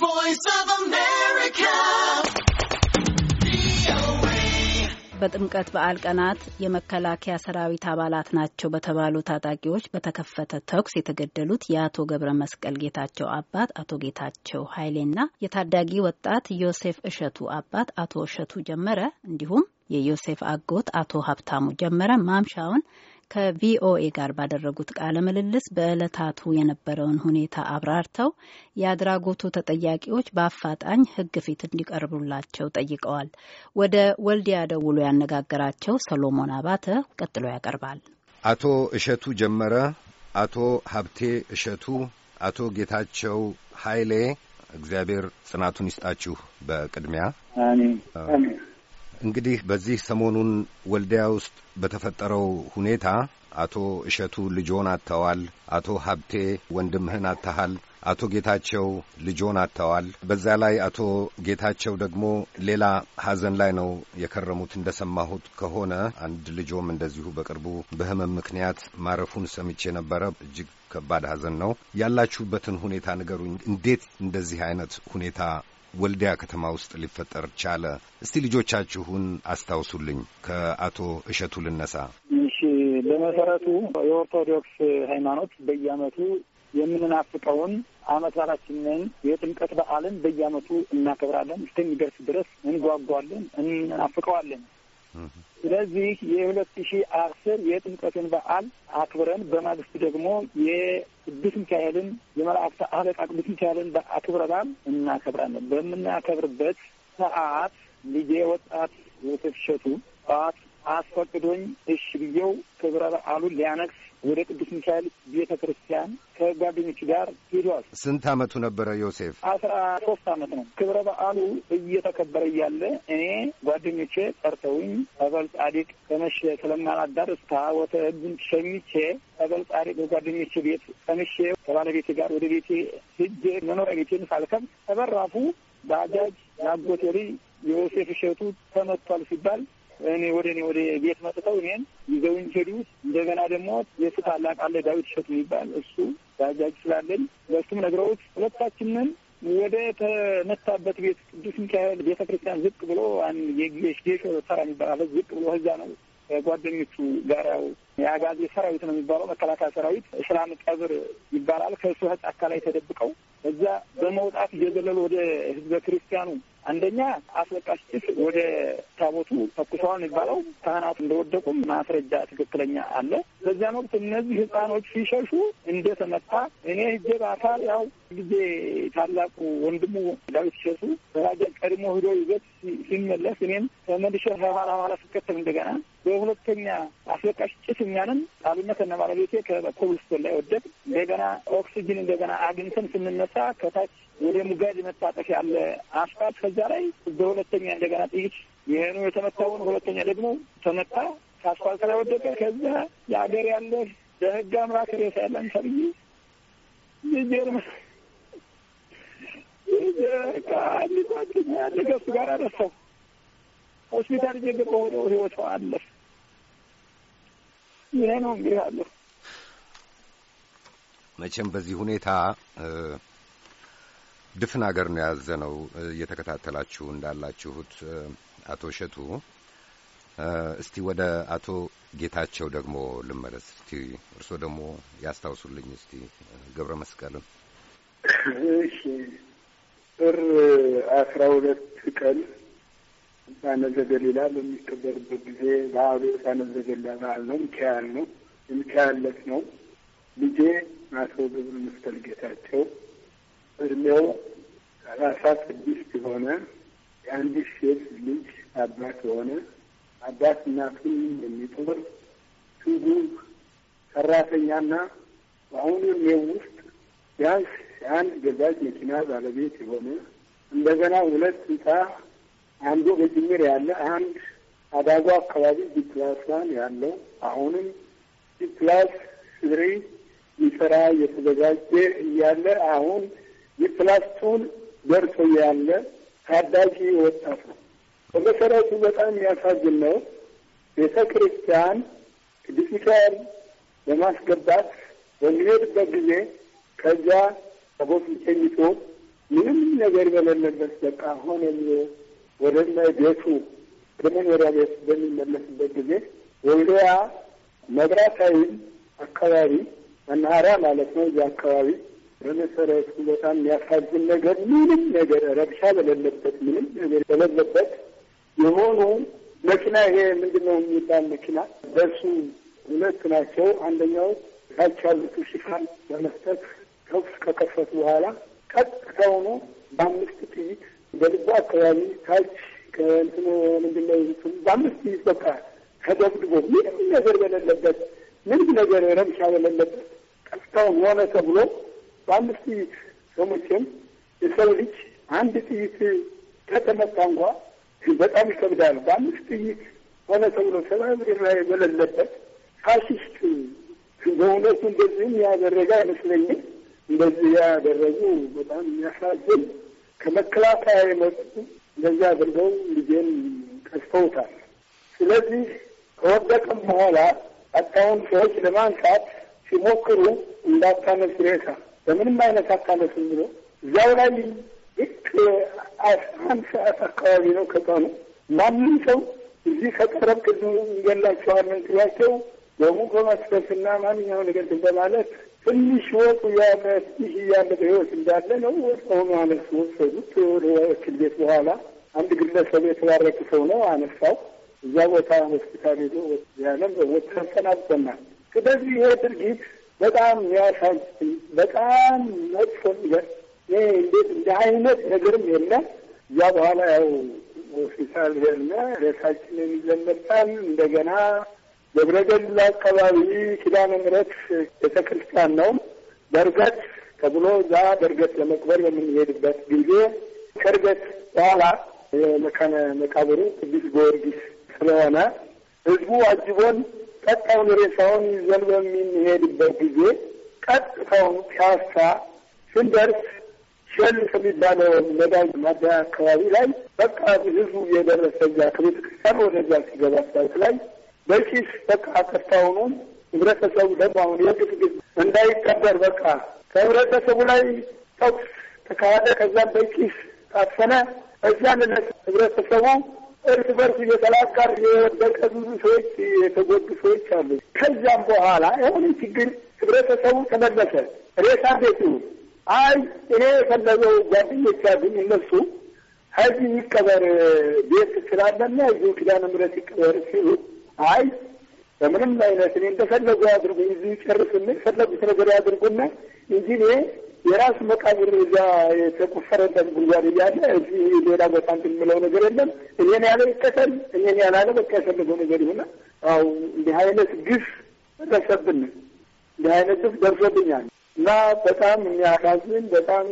voice በጥምቀት በዓል ቀናት የመከላከያ ሰራዊት አባላት ናቸው በተባሉ ታጣቂዎች በተከፈተ ተኩስ የተገደሉት የአቶ ገብረ መስቀል ጌታቸው አባት አቶ ጌታቸው ኃይሌና የታዳጊ ወጣት ዮሴፍ እሸቱ አባት አቶ እሸቱ ጀመረ እንዲሁም የዮሴፍ አጎት አቶ ሀብታሙ ጀመረ ማምሻውን ከቪኦኤ ጋር ባደረጉት ቃለ ምልልስ በዕለታቱ የነበረውን ሁኔታ አብራርተው የአድራጎቱ ተጠያቂዎች በአፋጣኝ ሕግ ፊት እንዲቀርቡላቸው ጠይቀዋል። ወደ ወልዲያ ደውሎ ያነጋገራቸው ሰሎሞን አባተ ቀጥሎ ያቀርባል። አቶ እሸቱ ጀመረ፣ አቶ ሀብቴ እሸቱ፣ አቶ ጌታቸው ኃይሌ እግዚአብሔር ጽናቱን ይስጣችሁ። በቅድሚያ እንግዲህ በዚህ ሰሞኑን ወልዲያ ውስጥ በተፈጠረው ሁኔታ አቶ እሸቱ ልጆን አጥተዋል። አቶ ሀብቴ ወንድምህን አጥተሃል። አቶ ጌታቸው ልጆን አጥተዋል። በዛ ላይ አቶ ጌታቸው ደግሞ ሌላ ሐዘን ላይ ነው የከረሙት። እንደሰማሁት ከሆነ አንድ ልጆም እንደዚሁ በቅርቡ በህመም ምክንያት ማረፉን ሰምቼ ነበረ። እጅግ ከባድ ሐዘን ነው። ያላችሁበትን ሁኔታ ንገሩኝ። እንዴት እንደዚህ አይነት ሁኔታ ወልዲያ ከተማ ውስጥ ሊፈጠር ቻለ? እስቲ ልጆቻችሁን አስታውሱልኝ። ከአቶ እሸቱ ልነሳ። እሺ፣ በመሰረቱ የኦርቶዶክስ ሃይማኖት በየአመቱ የምንናፍቀውን አመት በዓላችንን የጥምቀት በዓልን በየአመቱ እናከብራለን። እስከሚደርስ ድረስ እንጓጓለን፣ እንናፍቀዋለን። ስለዚህ የሁለት ሺህ አስር የጥምቀትን በዓል አክብረን በማግስት ደግሞ የቅዱስ ሚካኤልን የመላእክት አለቃ ቅዱስ ሚካኤልን አክብረናል እናከብራለን። በምናከብርበት ሰዓት ልጄ ወጣት ዮሴፍ ሸቱ ጠዋት አስፈቅዶኝ እሽ ብዬው ክብረ በዓሉን ሊያነግስ ወደ ቅዱስ ሚካኤል ቤተ ክርስቲያን ከጓደኞች ጋር ሄደዋል። ስንት አመቱ ነበረ ዮሴፍ? አስራ ሶስት አመት ነው። ክብረ በዓሉ እየተከበረ እያለ እኔ ጓደኞቼ ጠርተውኝ ጠበል ጻዲቅ ከመሸ ስለማላዳር ታቦተ ሕጉን ሸሚቼ ጠበል ጻዲቅ በጓደኞቼ ቤት ቀምሼ ከባለቤቴ ጋር ወደ ቤቴ ሂጄ መኖሪያ ቤቴን ሳልከብ ተበራፉ ባጃጅ ናጎቴሪ ልጅ የዮሴፍ እሸቱ ተመቷል ሲባል እኔ ወደ እኔ ወደ ቤት መጥተው እኔን ይዘውኝ ሄዱ። እንደገና ደግሞ የእሱ ታላቅ አለ ዳዊት እሸቱ የሚባል እሱ ታዛዥ ስላለኝ በእሱም ነግረውት ሁለታችንን ወደ ተመታበት ቤት ቅዱስ ሚካኤል ቤተ ክርስቲያን ዝቅ ብሎ አንድ የጌሾ ተራ የሚባል ዝቅ ብሎ እዛ ነው ጓደኞቹ ጋር ያው የአጋዜ ሰራዊት ነው የሚባለው መከላከያ ሰራዊት እስላም ቀብር ይባላል። ከእሱ ጫካ ላይ ተደብቀው እዛ በመውጣት እየዘለሉ ወደ ህዝበ ክርስቲያኑ አንደኛ አስለቃሽ ጭስ ወደ ታቦቱ ተኩሰዋል የሚባለው ካህናቱ እንደወደቁም ማስረጃ ትክክለኛ አለ። በዚያን ወቅት እነዚህ ህፃኖች ሲሸሹ እንደተመታ እኔ ህጀ በአካል ያው ጊዜ ታላቁ ወንድሙ ዳዊት ሸቱ በባጃጅ ቀድሞ ሂዶ ይዘት ሲመለስ እኔም ተመልሼ ኋላ ኋላ ስከተል እንደገና በሁለተኛ አስለቃሽ ጭስ እኛንም ጣሉና ከነ ባለቤቴ ከኮብልስቶን ላይ ወደቅ። እንደገና ኦክሲጅን እንደገና አግኝተን ስንነሳ ከታች ወደ ሙጋድ መታጠፍ ያለ አስፋልት ከዛ ላይ በሁለተኛ እንደገና ጥይት ይህኑ የተመታውን ሁለተኛ ደግሞ ተመታ። ከአስፋልት ላይ ወደቀ። ከዛ የሀገር ያለ በህግ አምላክ ሬሳ ያለን ሰብይ ጀርማ አንድ ጓደኛ ያለ ከሱ ጋር አረሳው ሆስፒታል እየገባ ወደው ህይወቷ አለፍ ይሄ ነው እንግዲህ መቼም በዚህ ሁኔታ ድፍን ሀገር ነው የያዘ ነው። እየተከታተላችሁ እንዳላችሁት አቶ እሸቱ እስቲ ወደ አቶ ጌታቸው ደግሞ ልመለስ። እስቲ እርስዎ ደግሞ ያስታውሱልኝ እስቲ ገብረ መስቀልን። እሺ ጥር አስራ ሁለት ቀን ሳነዘገሊላ በሚከበርበት ጊዜ ባህሉ ሳነዘገላ ባህል ነው። ሚካኤል ነው የሚካኤል ነው። ልጄ አቶ ግብር መስተር ጌታቸው እድሜው ሰላሳ ስድስት የሆነ የአንድ ሴት ልጅ አባት የሆነ አባት እናቱን የሚጦር ትጉ ሰራተኛና በአሁኑ እድሜው ውስጥ ቢያንስ የአንድ ገዛጅ መኪና ባለቤት የሆነ እንደገና ሁለት ህንፃ አንዱ በጅምር ያለ አንድ አዳጉ አካባቢ ዲፕላስ ላን ያለው አሁንም ዲፕላስ ስሪ ሊሰራ እየተዘጋጀ እያለ አሁን ዲፕላስ ቱን ደርሶ ያለ ታዳጊ ወጣት ነው። በመሰረቱ በጣም የሚያሳዝን ነው። ቤተ ክርስቲያን ዲጂታል ለማስገባት በሚሄድበት ጊዜ ከዚያ ከቦፊ ተኝቶ ምንም ነገር በሌለበት በቃ ሆነ ብሎ ወደነ ቤቱ ከመኖሪያ ቤት በሚመለስበት ጊዜ ወልዲያ መብራት አካባቢ መናኸሪያ ማለት ነው። እዚያ አካባቢ በመሰረቱ በጣም የሚያሳዝን ነገር ምንም ነገር ረብሻ በሌለበት ምንም ነገር በሌለበት የሆኑ መኪና ይሄ ምንድን ነው የሚባል መኪና በሱ ሁለት ናቸው። አንደኛው ታች ያሉት ሽፋን በመስጠት ተኩስ ከከፈቱ በኋላ ቀጥታውኑ በአምስት ጥይት በልቦ አካባቢ ታች ከእንትኑ ምንድነው ነው በአምስት ጊዜ በቃ ተደብድቦ ምንም ነገር በሌለበት ምንም ነገር ረብሻ በሌለበት ቀፍታውን ሆነ ተብሎ በአምስት ጥይት ሰሞችም የሰው ልጅ አንድ ጥይት ከተመታ እንኳ በጣም ይከብዳል። በአምስት ጥይት ሆነ ተብሎ ሰብአዊ ርኅራኄ በሌለበት ፋሽስት በእውነቱ እንደዚህም ያደረገ አይመስለኝም። እንደዚህ ያደረጉ በጣም ያሳዝን ከመከላከያ የመጡ እንደዚህ አድርገው ልጄን ቀስፈውታል። ስለዚህ ከወደቅም በኋላ አታውን ሰዎች ለማንሳት ሲሞክሩ እንዳታነስ ሬሳ በምንም አይነት አታነሱም ብሎ እዚያው ላይ ልክ አስራ አንድ ሰዓት አካባቢ ነው ከቀኑ ማንም ሰው እዚህ ከቀረብ ቅድም እንገላቸዋለን ሲሏቸው በሙ በመስበስና ማንኛውን ነገር በማለት ትንሽ ወጡ ያመትህ ያለበ ህይወት እንዳለ ነው። ወጥ አነሱ ወሰዱት። ወደ ወኪል ቤት በኋላ አንድ ግለሰብ የተባረክ ሰው ነው አነሳው። እዛ ቦታ ሆስፒታል ሄዶ ያለም በሞት ተሰናብተናል። ስለዚህ ይሄ ድርጊት በጣም ያሳይ በጣም መጥፎ ነገር እንዴት እንደ አይነት ነገርም የለም። እዛ በኋላ ያው ሆስፒታል ሄድን። ሬሳችን ይዘን እንደገና ደብረገድላ አካባቢ ኪዳነ ምሕረት ቤተክርስቲያን ነው። በእርገት ተብሎ እዛ በእርገት ለመቅበር የምንሄድበት ጊዜ ከእርገት በኋላ የመካነ መቃብሩ ቅዱስ ጊዮርጊስ ስለሆነ ህዝቡ አጅቦን ቀጣውን ሬሳውን ይዘን በምንሄድበት ጊዜ ቀጥታውን ፒያሳ ስንደርስ ሸል ከሚባለው ነዳጅ ማደያ አካባቢ ላይ በቃ ህዝቡ እየደረሰ እዛ ከቤተክርስቲያን ወደዛ ሲገባ ሳት ላይ በቂስ በቃ ከታውኑ ህብረተሰቡ ደግሞ አሁን የግፍግፍ እንዳይቀበር በቃ ከህብረተሰቡ ላይ ተኩስ ተካሄደ። ከዛም በቂስ ታፈነ። እዚያን ነት ህብረተሰቡ እርስ በርስ እየተላጋር የወደቀ ብዙ ሰዎች የተጎዱ ሰዎች አሉ። ከዚያም በኋላ የሆነ ችግር ህብረተሰቡ ተመለሰ። ሬሳ ቤቱ አይ እኔ የፈለገው ጓደኞች ያሉኝ እነሱ ከዚህ ይቀበር ቤት ስላለና እዚሁ ኪዳነ ምሕረት ይቀበር ሲሉ አይ በምንም አይነት እኔ እንደፈለጉ ያድርጉኝ፣ እዚህ ጨርሱና ፈለጉት ነገር ያድርጉና እንጂ እኔ የራስ መቃብር እዛ የተቆፈረበት ጉድጓድ እያለ እዚህ ሌላ ቦታ እንትን የምለው ነገር የለም። እኔን ያለ ይከተል፣ እኔን ያላለ በቃ የፈለገው ነገር ይሁና። አው እንዲህ አይነት ግፍ ደረሰብን፣ እንዲህ አይነት ግፍ ደርሶብኛል እና በጣም የሚያሳዝን በጣም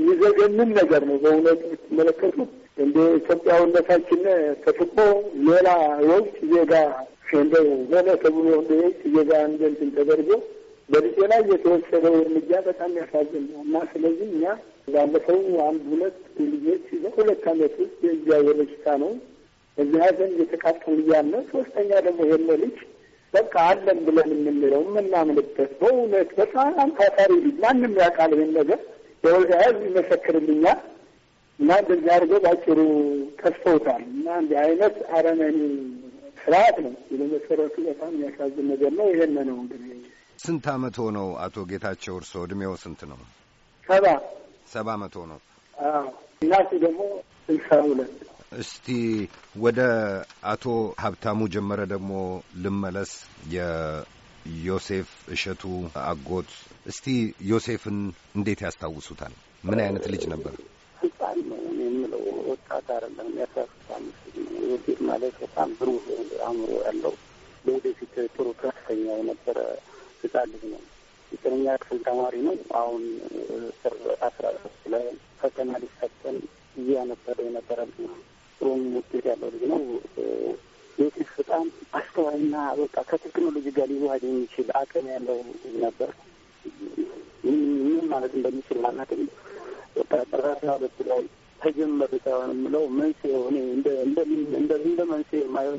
የሚዘገንን ነገር ነው በእውነት የምትመለከቱት እንደ ኢትዮጵያዊነታችን ተጥቆ ሌላ የውጭ ዜጋ እንደው ሆነ ተብሎ እንደ የውጭ ዜጋ እንደንትን ተደርጎ በልጤ ላይ የተወሰደው እርምጃ በጣም ያሳዝን ነው እና ስለዚህ እኛ ባለፈው አንድ ሁለት ልጆች በሁለት ዓመት ውስጥ የእግዚአብሔር በሽታ ነው እዚህ ሀዘን እየተቃጠሉ እያለ ሶስተኛ ደግሞ የለ ልጅ በቃ አለን ብለን የምንለው የምናምንበት በእውነት በጣም ታታሪ ልጅ ማንም ያውቃል ይህን ነገር የወልዳ ይመሰክርልኛል እና እንደዚህ አድርገው ባጭሩ ከስፈውታል እና እንዲህ አይነት አረመኔ ስርዓት ነው የመሰረቱ። በጣም የሚያሳዝን ነገር ነው። ይሄን ነው እንግዲህ። ስንት አመት ሆነው አቶ ጌታቸው እርስዎ? እድሜው ስንት ነው? ሰባ ሰባ አመት ሆነው። እናቱ ደግሞ ስልሳ ሁለት እስቲ ወደ አቶ ሀብታሙ ጀመረ ደግሞ ልመለስ የዮሴፍ እሸቱ አጎት። እስቲ ዮሴፍን እንዴት ያስታውሱታል? ምን አይነት ልጅ ነበር? ህጻን ነው የምለው ወጣት አይደለም። የአስራ ስድስት አምስት ውጤት ማለት በጣም ብሩህ አእምሮ ያለው ለወደፊት ጥሩ ከፍተኛ የነበረ ህጻን ልጅ ነው። ዘጠነኛ ክፍል ተማሪ ነው። አሁን ስር አስራ ሶስት ላይ ፈተና ሊፈተን እያነበረ የነበረ ጥሩም ውጤት ያለው ልጅ ነው። ዮሴፍ በጣም አስተዋይና በቃ ከቴክኖሎጂ ጋር ሊዋሃድ የሚችል አቅም ያለው ልጅ ነበር። ምን ማለት እንደሚችል ማናቅም ሰላሳ ሁለት ላይ ተጀመር ሳይሆን የምለው መንስኤ ሆኔ እንደዚህ እንደ መንስኤ የማየው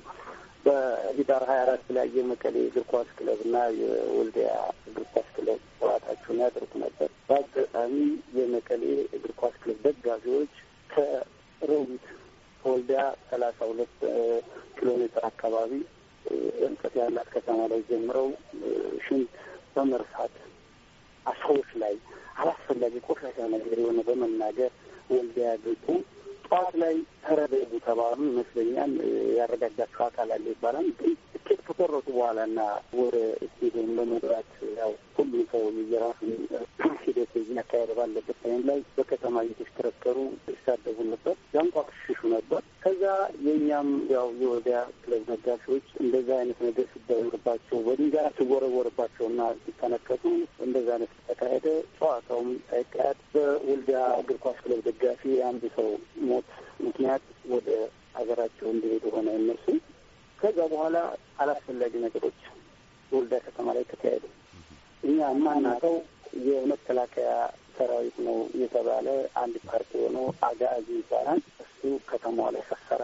በህዳር ሀያ አራት ላይ የመቀሌ እግር ኳስ ክለብ እና የወልዲያ እግር ኳስ ክለብ ጨዋታቸውን ያደርጉ ነበር። በአጋጣሚ የመቀሌ እግር ኳስ ክለብ ደጋፊዎች ከሮቢት ከወልዲያ ሰላሳ ሁለት ኪሎ ሜትር አካባቢ እንቀት ያላት ከተማ ላይ ጀምረው ሽን በመርሳት ሰዎች ላይ አላስፈላጊ ቆሻሻ ነገር የሆነ በመናገር ወልዲያ ገቡ ጠዋት ላይ ተረደ የተባሉ ይመስለኛል ያረጋጋቸው አካል አለ ይባላል። ግን ትኬት ከቆረጡ በኋላ እና ወደ ስቴዲየም ለመግባት ያው ሁሉም ሰው የየራሱን ሂደት እያካሄደ ባለበት ታይም ላይ በከተማ እየተሽከረከሩ ይሳደቡ ነበር፣ ያንቋሽሹ ነበር። ከዛ የእኛም ያው የወዲያ ክለብ ነጋሾች እንደዛ አይነት ነገር ሲደረግባቸው በድንጋይ ሲወረወርባቸው እና ሲተነከቱ እንደዛ አይነት ተካሄደ። ጨዋታውም ሳይካሄድ በወልዲያ እግር ኳስ ክለብ ደጋፊ አንድ ሰው ሞት ምክንያት ወደ ሀገራቸው እንዲሄዱ ሆነ እነሱ። ከዛ በኋላ አላስፈላጊ ነገሮች ወልዳ ከተማ ላይ ተካሄዱ። እኛ የማናውቀው የመከላከያ ሰራዊት ነው የተባለ አንድ ፓርቲ የሆነው አጋዚ ይባላል። እሱ ከተማዋ ላይ ሰፈረ።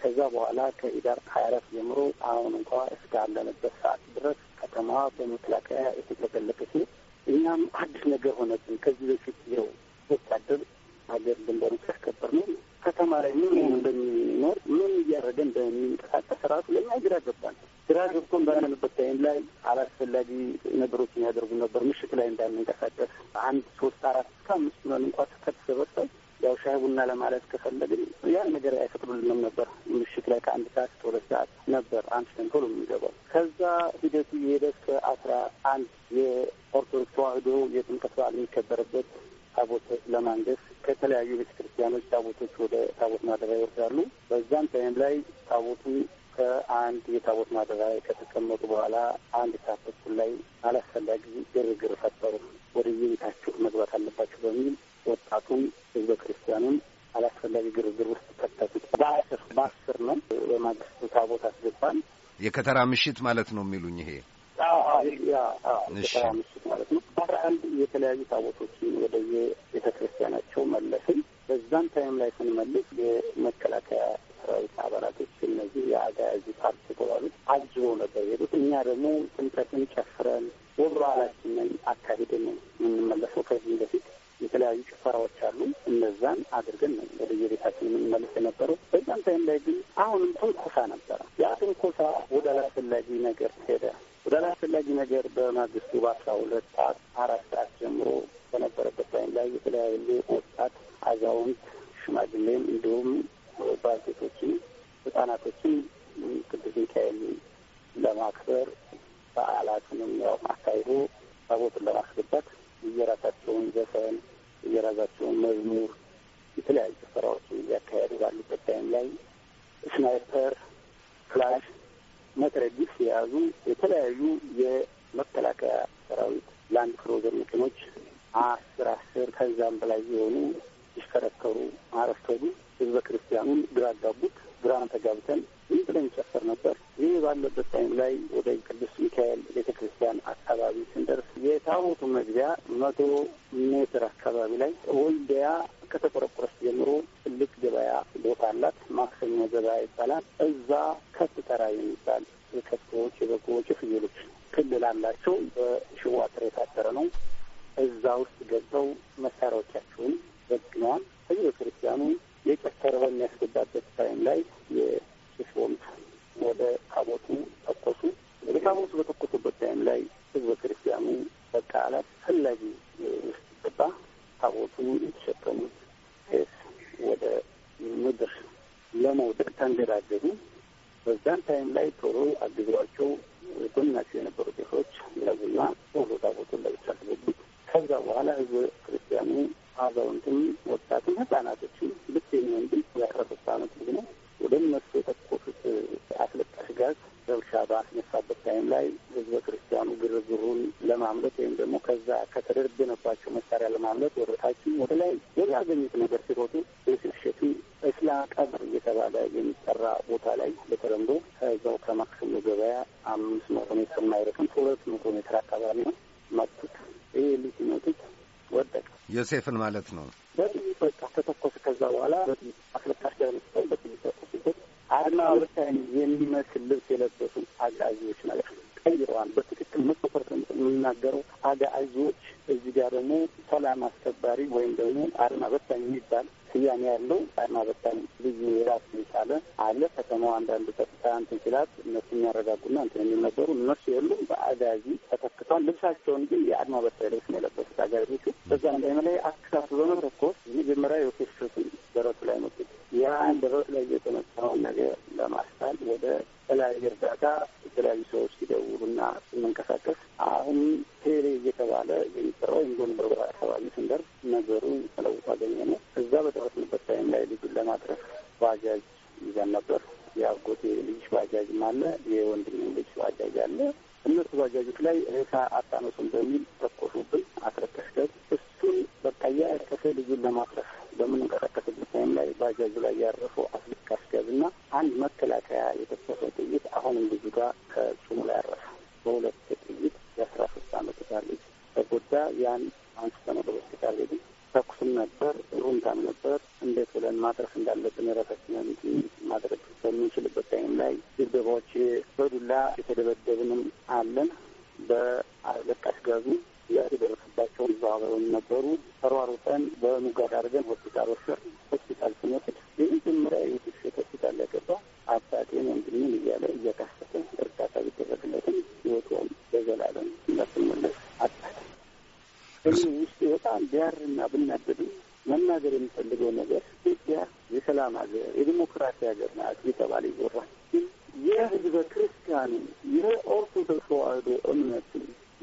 ከዛ በኋላ ከኢዳር ሀያ አራት ጀምሮ አሁን እንኳ እስከ አለንበት ሰዓት ድረስ ከተማዋ በመከላከያ የተጠቀለቀች ሲ እኛም አዲስ ነገር ሆነብን። ከዚህ በፊት ው ወታደር ሀገር ድንበሩ ሲያስከበር ነው ከተማ ላይ ምን እንደሚኖር ምን እያደረገ እንደሚንቀሳቀስ ራሱ ለእኛ ግራ ገባል። ግራ ገብቶን ባለንበት ታይም ላይ አላስፈላጊ ነገሮችን ያደርጉ ነበር። ምሽት ላይ እንዳንንቀሳቀስ አንድ ሶስት አራት እስከ አምስት ሆነን እንኳ ከተሰበሰብ ያው ሻይ ቡና ለማለት ከፈለግን ያን ነገር አይፈቅዱልንም ነበር። ምሽት ላይ ከአንድ ሰዓት እስከ ሁለት ሰዓት ነበር አንስተን ቶሎ የምንገባው። ከዛ ሂደቱ የሄደ እስከ አስራ አንድ የኦርቶዶክስ ተዋህዶ የጥምቀት በዓል የሚከበርበት ታቦት ለማንገስ ከተለያዩ ቤተ ክርስቲያኖች ታቦቶች ወደ ታቦት ማደሪያ ይወርዳሉ። በዛም ታይም ላይ ታቦቱ ከአንድ የታቦት ማደሪያ ከተቀመጡ በኋላ አንድ ሰዓት ላይ አላስፈላጊ ግርግር ፈጠሩ። ወደ የቤታችሁ መግባት አለባችሁ በሚል ወጣቱን ህዝበ ክርስቲያኑን አላስፈላጊ ግርግር ውስጥ ከተቱት። በአስር በአስር ነው በማግስቱ ታቦት አስገባን። የከተራ ምሽት ማለት ነው የሚሉኝ ይሄ። ከተራ ምሽት አንድ የተለያዩ ታቦቶችን ወደየ ቤተ ክርስቲያናቸው መለስን። በዛን ታይም ላይ ስንመልስ የመከላከያ ሰራዊት አባላቶች እነዚህ የአጋያዙ ፓርቲ የተባሉት አጅቦ ነበር ሄዱት። እኛ ደግሞ ጥምቀትን ጨፍረን ወግ በዓላችንን አካሂደን የምንመለሰው። ከዚህም በፊት የተለያዩ ጭፈራዎች አሉ። እነዛን አድርገን ነው ወደ የቤታችን የምንመለስ የነበረው። በዛን ታይም ላይ ግን አሁንም ትንኮሳ ነበረ። ያ ትንኮሳ ወደ አላስፈላጊ ነገር ሄደ። ወደ አላስፈላጊ ነገር በማግስቱ በአስራ ሁለት ሰዓት አራት ሰዓት ጀምሮ በነበረበት ታይም ላይ የተለያዩ ወጣት፣ አዛውንት፣ ሽማግሌም እንዲሁም ባልቴቶችን፣ ህጻናቶችን ቅዱስ ሚካኤል ለማክበር በዓላትንም ያው አካሂዶ ታቦትን ለማስገባት እየራሳቸውን ዘፈን እየራሳቸውን መዝሙር የተለያዩ ስራዎችን እያካሄዱ ባሉበት ታይም ላይ ስናይፐር፣ ፍላሽ መትረጊስ የያዙ የተለያዩ የመከላከያ ሰራዊት ላንድ ክሮዘር መኪኖች አስር አስር ከዛም በላይ የሆኑ ሲሽከረከሩ አረፍተዱ ህዝበ ክርስቲያኑን ግራ አጋቡት። ግራ ተጋብተን ዝም ብለን ጨፈር ነበር። ይህ ባለበት ታይም ላይ ወደ ቅዱስ ሚካኤል ቤተ ክርስቲያን አካባቢ ስንደርስ የታቦቱ መግቢያ መቶ ሜትር አካባቢ ላይ ወልዲያ ከተቆረቆረች ጀምሮ ትልቅ ገበያ ቦታ አላት። ማክሰኞ ገበያ ይባላል። እዛ ከብት ተራ የሚባል የከብቶች፣ የበጎዎች፣ የፍየሎች ክልል አላቸው። በሽቦ አጥር የታጠረ ነው። እዛ ውስጥ ገብተው መሳሪያዎቻቸውን ዘግነዋል። ህዝበ ክርስቲያኑ የጨፈረ በሚያስገባበት ታይም ላይ የሽቦምት ወደ ታቦቱ ተኮሱ። ወደ ታቦቱ በተኮሱበት ታይም ላይ ህዝበ ክርስቲያኑ አላት ፈላጊ ውስጥ ገባ። ታቦቱን የተሸከሙት ቄስ ወደ ምድር ለመውደቅ ተንገዳገዱ። በዛን ታይም ላይ ቶሎ አግዘዋቸው ጎናቸው የነበሩ ቄሶች ያዙና ቶሎ ታቦቱን ለብቻ አስገቡት። ከዛ በኋላ ህዝበ ክርስቲያኑ አዛውንትም፣ ወጣትም፣ ህጻናቶች ሴፍን ማለት ነው። በጥይት በቃ ተተኮሰ። ከዛ በኋላ በጥይት አስለቃሽ ያመጣል። በጥይት ተኮሱበት። አድማ በታኝ የሚመስል ልብስ የለበሱ አጋዚዎች ማለት ነው ቀይረዋል። በትክክል መቶ ፐርሰንት የምናገረው አጋዚዎች። እዚህ ጋር ደግሞ ሰላም አስከባሪ ወይም ደግሞ አድማ በታኝ የሚባል ስያሜ ያለው ጣና በጣም ልዩ የራሱ የቻለ አለ። ከተማው አንዳንድ ጸጥታ እንትን ሲላት እነሱ የሚያረጋጉና እንትን የሚነበሩ እነሱ የሉም። በአጋዚ ተተክቷል። ልብሳቸውን ግን የአድማ በታኝ ልብስ ነው የለበሱት አጋዚዎቹ። በዛ ንዳይመ ላይ አክሳቱ በመተኮስ መጀመሪያ የፌሽቱን ደረቱ ላይ መጡት። ያን ደረቱ ላይ የተመጣውን ነገር ለማስታል ወደ ተለያየ እርዳታ የተለያዩ ሰዎች ሲደውሉ ሲደውሉና ስንንቀሳቀስ አሁን ቴሌ እየተባለ የሚጠራው ወይም ጎንደር አካባቢ ስንደርስ ነገሩ ተለውጦ አገኘ ነው። እዛ በጠረስንበት ታይም ላይ ልጁን ለማድረስ ባጃጅ ይዘን ነበር። የአጎቴ ልጅ ባጃጅም አለ፣ የወንድሜ ልጅ ባጃጅ አለ። እነሱ ባጃጆች ላይ ሬሳ አታነሱም በሚል ተኮሱብን፣ አስረከስከት በቃ ያረፈ ልጁን ለማፍረስ በምንንቀሳቀስበት ታይም ላይ ባጃጁ ላይ ያረፉ አስልክ አስጋዝ እና አንድ መከላከያ የተኮሰው ጥይት አሁንም ልጁ ጋር ከጹሙ ላይ ያረፈ በሁለት ጥይት የአስራ ሶስት አመት ህጻን ልጅ ተጎዳ። ያን አንስተን ወደ ሆስፒታል ሄድን። ተኩስም ነበር፣ ሩምታም ነበር። እንዴት ብለን ማድረስ እንዳለብን የራሳችንን ማድረግ በምንችልበት ታይም ላይ ድብደባዎች በዱላ የተደበደብንም አለን በአለቃ ጋዙ ጥያቄ ደረሰባቸው ይዘዋበሩ ነበሩ። ተሯሩጠን በሙጋድ አድርገን ሆስፒታል ወሰር ሆስፒታል ስንወስድ የመጀመሪያ የሴት ሆስፒታል ያገባ አባቴን ወንድሜን እያለ እየካሰተ እርዳታ ቢደረግለትም ህይወቱን በዘላለም እንዳትመለስ አጣት። እዚህ ውስጥ በጣም ቢያርና ብናደድም መናገር የምፈልገው ነገር ኢትዮጵያ የሰላም ሀገር የዲሞክራሲ ሀገር ናት እየተባለ ይወራል። ግን የህዝበ ክርስቲያኑ የኦርቶዶክስ ተዋህዶ እምነት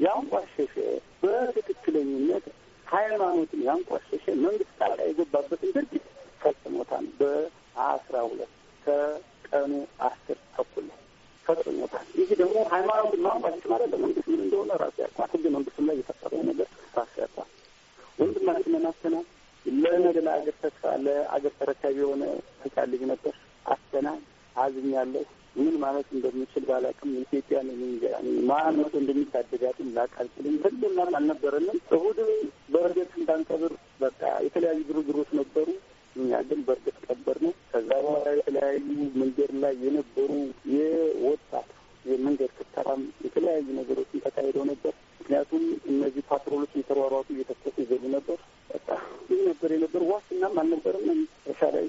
ያንቋሸሸ በትክክለኝነት ሃይማኖትን ያንቋሸሸ መንግስት ጣልቃ የገባበትን ድርጊት ፈጽሞታል። በአስራ ሁለት ከቀኑ አስር ተኩል ላይ ፈጽሞታል። ይህ ደግሞ ሃይማኖትን ማንቋሸሽ ማለት ለመንግስት ምን እንደሆነ ራሱ ያውቃል። ህገ መንግስቱም ላይ የፈጠረው ነገር ራሱ ያውቃል። ወንድማችን አስተናል ለነገ ለአገር ተስፋ ለአገር ተረካቢ የሆነ ህፃን ልጅ ነበር። አስተናል አዝኛለሁ። ምን ማለት እንደምችል ባላቅም ኢትዮጵያ ነው ሚገራ ማነው እንደሚታደጋትም ላቃልችልኝ ህልና አልነበረንም። እሁድ በእርገት እንዳንቀብር በቃ የተለያዩ ግርግሮች ነበሩ። እኛ ግን በእርገት ቀበር ነው። ከዛ በኋላ የተለያዩ መንገድ ላይ የነበሩ የወጣት የመንገድ ክተራም የተለያዩ ነገሮችን ተካሂደው ነበር። ምክንያቱም እነዚህ ፓትሮሎች የተሯሯጡ እየተኮሱ ይዘሉ ነበር። በቃ ይህ ነበር የነበር ዋስትናም አልነበረም። ሻ ላይ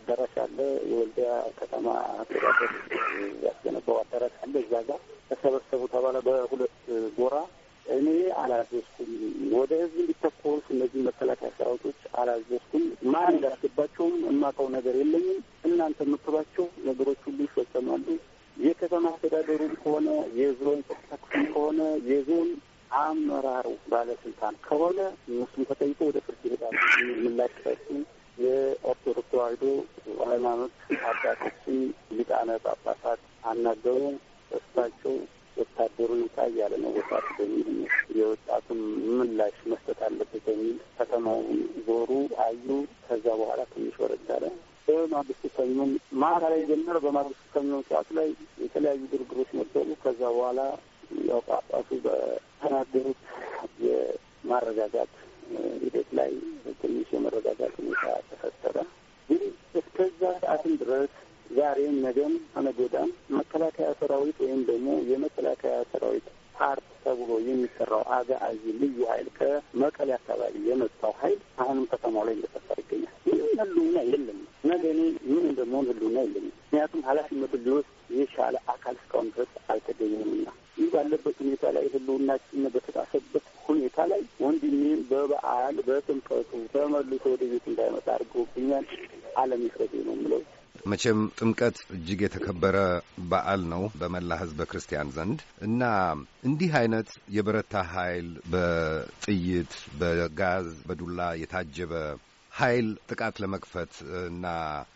አዳራሽ አለ። የወልዲያ ከተማ አስተዳደር ያስገነባው አዳራሽ አለ። እዛ ጋር ተሰበሰቡ ተባለ በሁለት ጎራ። እኔ አላዘዝኩም፣ ወደ ህዝብ እንዲተኮሱ እነዚህ መከላከያ ሰራዊቶች አላዘዝኩም። ማን እንዳስገባቸውም የማውቀው ነገር የለኝም። እናንተ የምትሏቸው ነገሮች ሁሉ ይፈጸማሉ። የከተማ አስተዳደሩም ከሆነ የዞን ጸጥታ ከሆነ የዞን አመራሩ ባለስልጣን ከሆነ እነሱም ተጠይቆ ወደ ፍርድ ይሄዳሉ። ምላሽ የኦርቶዶክስ ተዋሕዶ ሃይማኖት አባቶችን ሊቃነ ጳጳሳት አናገሩ። እሳቸው ወታደሩ እጣ እያለ ነው ወጣቱ በሚል የወጣቱም ምላሽ መስጠት አለበት በሚል ከተማውን ዞሩ፣ አዩ። ከዛ በኋላ ትንሽ ወረድ አለ። በማግስቱ ሰኞን ማታ ላይ ጀመረ። በማግስቱ ሰኞን ጠዋት ላይ የተለያዩ ግርግሮች ነበሩ። ከዛ በኋላ ያው ጳጳሱ በተናገሩት የማረጋጋት ሂደት ላይ ትንሽ የመረጋጋት ሁኔታ ተፈጠረ። ግን እስከዛ ሰዓትም ድረስ ዛሬም፣ ነገም አነጎዳም መከላከያ ሰራዊት ወይም ደግሞ የመከላከያ ሰራዊት አርት ተብሎ የሚሰራው አገአዚ ልዩ ኃይል ከመቀሌ አካባቢ የመጣው ኃይል አሁንም ከተማው ላይ እንደሰፈረ ይገኛል። ምንም ህልውና የለም። ነገ እኔ ምን እንደመሆን ህልውና የለኝም። ምክንያቱም ኃላፊነቱን ሊወስድ የሻለ አካል እስካሁን ድረስ አልተገኘምና ይህ ባለበት ሁኔታ ላይ ህልውናችን በተጣሰበት የሚል በበዓል በጥምቀቱ ተመልሶ ወደ ቤት እንዳይመጣ አድርጎብኛል። ዓለም ይፍረዴ ነው ምለው መቼም ጥምቀት እጅግ የተከበረ በዓል ነው በመላ ሕዝበ ክርስቲያን ዘንድ እና እንዲህ አይነት የበረታ ኃይል በጥይት በጋዝ በዱላ የታጀበ ኃይል ጥቃት ለመክፈት እና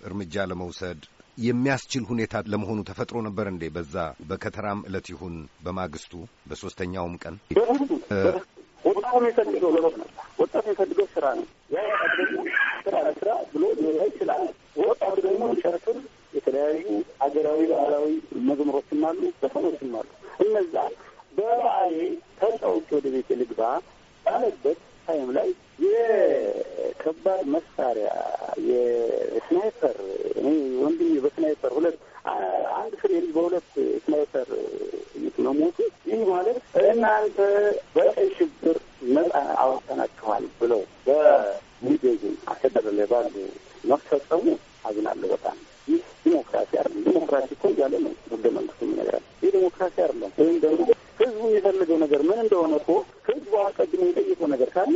እርምጃ ለመውሰድ የሚያስችል ሁኔታ ለመሆኑ ተፈጥሮ ነበር እንዴ? በዛ በከተራም ዕለት ይሁን በማግስቱ በሶስተኛውም ቀን አሁን የሚፈልገው ለውጥ ወጣት የሚፈልገው ስራ ነው። ያ ወጣት ደግሞ ስራ ስራ ብሎ ሊወራ ይችላል። ወጣቱ ደግሞ ሸርፍን የተለያዩ ሀገራዊ ባህላዊ መዝሙሮችም አሉ፣ ዘፈኖችም አሉ። እነዛ በበዓሌ ተጫውቼ ወደ ቤት ልግባ ባለበት ታይም ላይ የከባድ መሳሪያ የስናይፐር ወንድሜ በስናይፐር ሁለት አንድ ፍሬ ልጅ በሁለት ስናይፐር መሞቱ ይህ ማለት እናንተ በቀይ ሽብር አውጥተናችኋል ብለው በሚዜዙ አስተዳደር ላይ ባሉ መፈጸሙ አዝናለሁ በጣም ይህ ዲሞክራሲ አይደለም። ዲሞክራሲ እኮ እያለ ነው ህገ መንግስቱ የሚነግረን ይህ ዲሞክራሲ አይደለም። ወይም ደግሞ ህዝቡ የሚፈልገው ነገር ምን እንደሆነ እኮ ህዝቡ አስቀድሞ የጠየቀው ነገር ካለ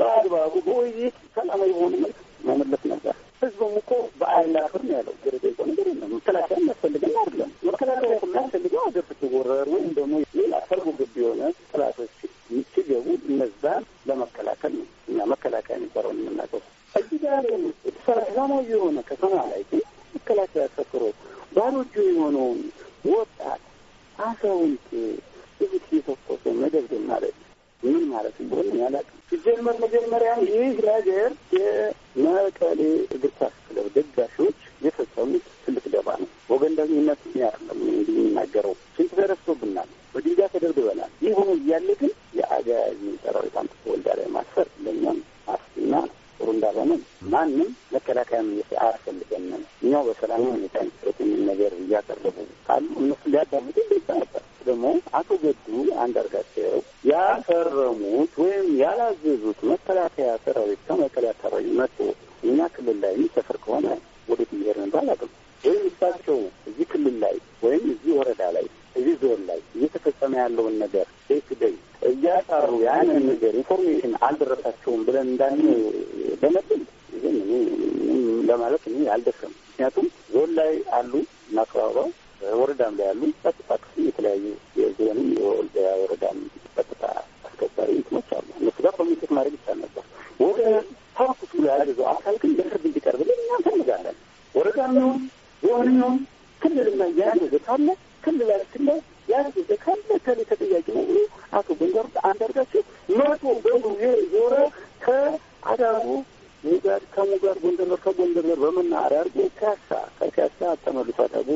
በአግባቡ በውይይት ሰላማዊ በሆነ መልክ መመለስ ነበር። ህዝቡም እኮ በአይላ ፍር ነው ያለው ገረደ ነገር የለም። መከላከያ የሚያስፈልገን አይደለም። መከላከያ የሚያስፈልገው አገር ስትወረር ወይም ደግሞ በየትኛው በሰላም ሁኔታ የሚሰሩትን ነገር እያቀረቡ ካሉ እነሱ ሊያዳምጡ ይገባ ነበር። ደግሞ አቶ ገዱ አንዳርጋቸው ያፈረሙት ወይም ያላዘዙት መከላከያ ሰራዊት ከመከላ ሰራዊት መጥቶ እኛ ክልል ላይ የሚሰፍር ከሆነ ወዴት እየሄድን ነው አላውቅም። ወይም እሳቸው እዚህ ክልል ላይ ወይም እዚህ ወረዳ ላይ እዚህ ዞን ላይ እየተፈጸመ ያለውን ነገር ቤት ደይ እያጣሩ ያንን ነገር ኢንፎርሜሽን አልደረሳቸውም ብለን እንዳን በመብል ግን ለማለት እኔ አልደፍርም። ምክንያቱም ዞን ላይ አሉ እናት ወረዳም ላይ ያሉ ጸጥታ ክፍል የተለያዩ የዞኑ የወልዲያ ወረዳም ጸጥታ አስከባሪ እንትኖች አሉ። እነሱ ጋር ኮሚኒኬት ማድረግ ይቻል ነበር። ወደ ታኩ ብሎ ያዘዘው አካል ግን ለህዝብ እንዲቀርብልን እኛ እንፈልጋለን። ወረዳ ሚሆን ዞን ሚሆን ክልልና ያዘዘ ካለ ክልላችን ላይ ያዘዘ ካለ ከሌ ተጠያቂ ነው ትምህርት ጎንደር በመናኸሪያ አድርጎ ካሳ ከካሳ ተመልሶ አጠቡ